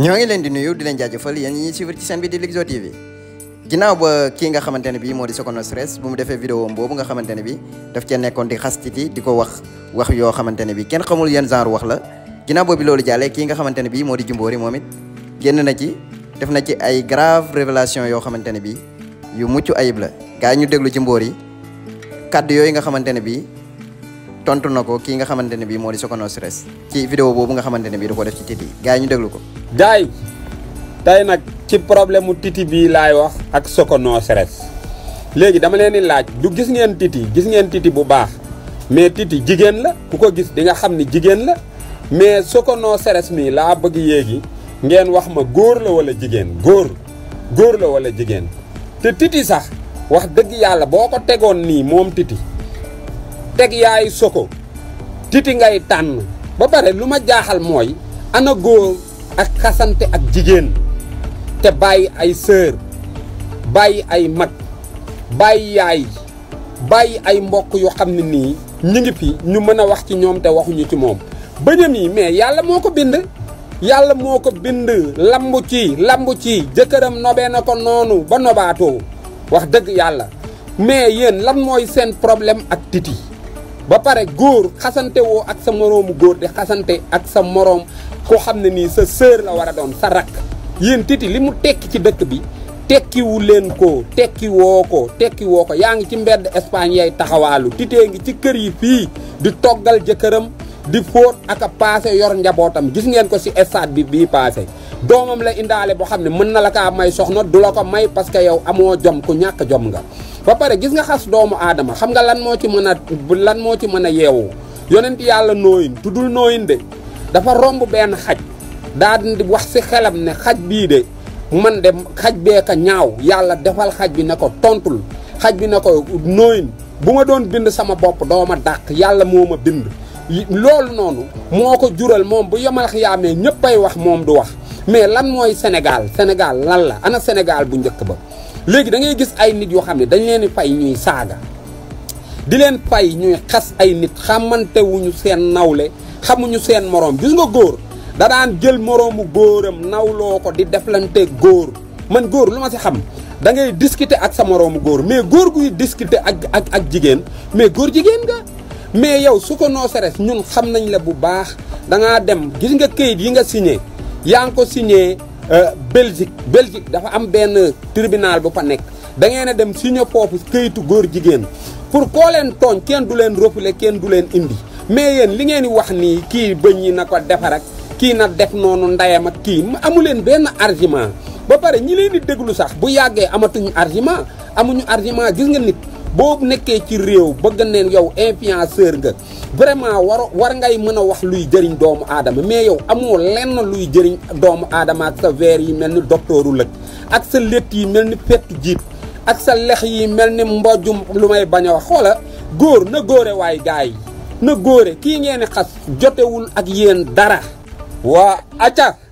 ñoo ngi leen di nuyu di leen jaajëfal yéen ñi ñuy suivre ci seen bi di Likzo TV ginnaaw ba kii nga xamante ne bii moo di Sokono Stress bu mu defee vidéo boobu nga xamante ne bii cee nekkoon di xas Titi di ko wax wax yoo xamante ne bii kenn xamul yenn genre wax la ginnaaw boobu loolu jàllee kii nga xamante ne bii moo di Jimbori moom génn na ci def na ci ay grave révélation yoo xamante ne bii yu mucc ayib la gars yi ñu déglu Jimbori kàddu yooyu nga xamante ne bii tontu na ko kii nga xamante ne bii moo di Sokono Stress ci vidéo boobu nga xamante ne bii da ko def ci Titi gars yi ñu déglu ko gaay tey nag ci problème mu Titi bii laay wax ak Soko No Stress léegi dama leen di laaj du gis ngeen Titi gis ngeen Titi bu baax mais Titi jigéen la ku ko gis di nga xam ni jigéen la mais Soko No Stress mii laa bëgg yéegi ngeen wax ma góor la wala jigéen góor góor la wala jigéen te Titi sax wax dëgg yàlla boo ko tegoon nii moom Titi teg yaay Soko Titi ngay tànn ba pare lu ma jaaxal mooy ana góor ak xasante ak jigéen te bàyyi ay sœur bàyyi ay mag bàyyi yaay bàyyi ay mbokk yu xam ne nii ñu ngi fi ñu mën a wax ci ñoom te waxuñu ci moom bëñam yi mais yàlla moo ko bind yàlla moo ko bind lamb ci lamb ci jëkkëram nobe na ko noonu ba nobaatoo wax dëgg yàlla mais yéen lan mooy seen problème ak titi ba pare góor xasante woo ak sa moroomu góor di xasante ak sa moroom koo xam ne nii sa sœur la war a doon sa rakk yéen titi li mu tekki ci dëkk bi tekkiwu leen ko tekkiwoo ko tekki woo ko yaa ngi ci mbedd Espagne yay taxawaalu titee ngi ci kër yi fii di toggal jëkkëram di fóot ak a paase yor njabootam gis ngeen ko si stade bi bii paase doomam la indaale boo xam ne mën na la kaa may soxna du la ko may parce que yow amoo jom ku ñàkk jom nga ba pare gis nga xas doomu aadama xam nga lan moo ci mën a lan moo ci mën a yeewu yonent yàlla nooyin tuddul nooyin de dafa romb benn xaj daa di wax si xelam ne xaj bii de man de xaj bee ka ñaaw yàlla defal xaj bi ne ko tontul xaj bi ne ko nooyin bu ma doon bind sama bopp doo ma dàq yàlla moo ma bind. loolu noonu moo ko jural moom bu yemal xiyaamee ñëppay wax moom du wax mais lan mooy Sénégal Sénégal lan la ana Sénégal bu njëkk ba. léegi da ngay gis ay nit yoo xam ne dañ leen di fay ñuy saaga di leen fay ñuy xas ay nit xamante seen nawle xamuñu seen moroom gis nga góor da daan jël moroomu góoram nawloo ko di deflante góor man góor lu ma si xam da ngay discuter ak sa moroomu góor mais góor guy discuter ak ak ak jigéen mais góor jigéen nga mais yow su ko noo ñun xam nañ la bu baax da dem gis nga kayit yi nga signé yaa ngi ko signé Euh, Belgique Belgique dafa am benn tribunal bu fa nekk da ngeen dem signé foofu këyitu góor jigéen pour koo leen tooñ kenn du leen refoulé kenn du leen indi mais yéen li ngeen di wax nii kii bëñ yi na ko defar ak kii na def noonu ndayam ak kii amu leen benn argument ba pare ñi leen di déglu sax bu yàggee amatuñu argument amuñu argument gis nga nit. boo nekkee ci réew bëgg neen yow influenceur nga vraiment war war ngay mën a wax luy jëriñ doomu aadama mais yow amoo lenn luy jëriñ doomu aadama ak sa veer yi mel ni doktooru lëg ak sa létt yi mel ni fett jiit ak sa lex yi mel ni mbojum lu may bañ a wax xoola góor na góore waay gars yi na góore kii ngeen xas jotewul ak yéen dara waa acca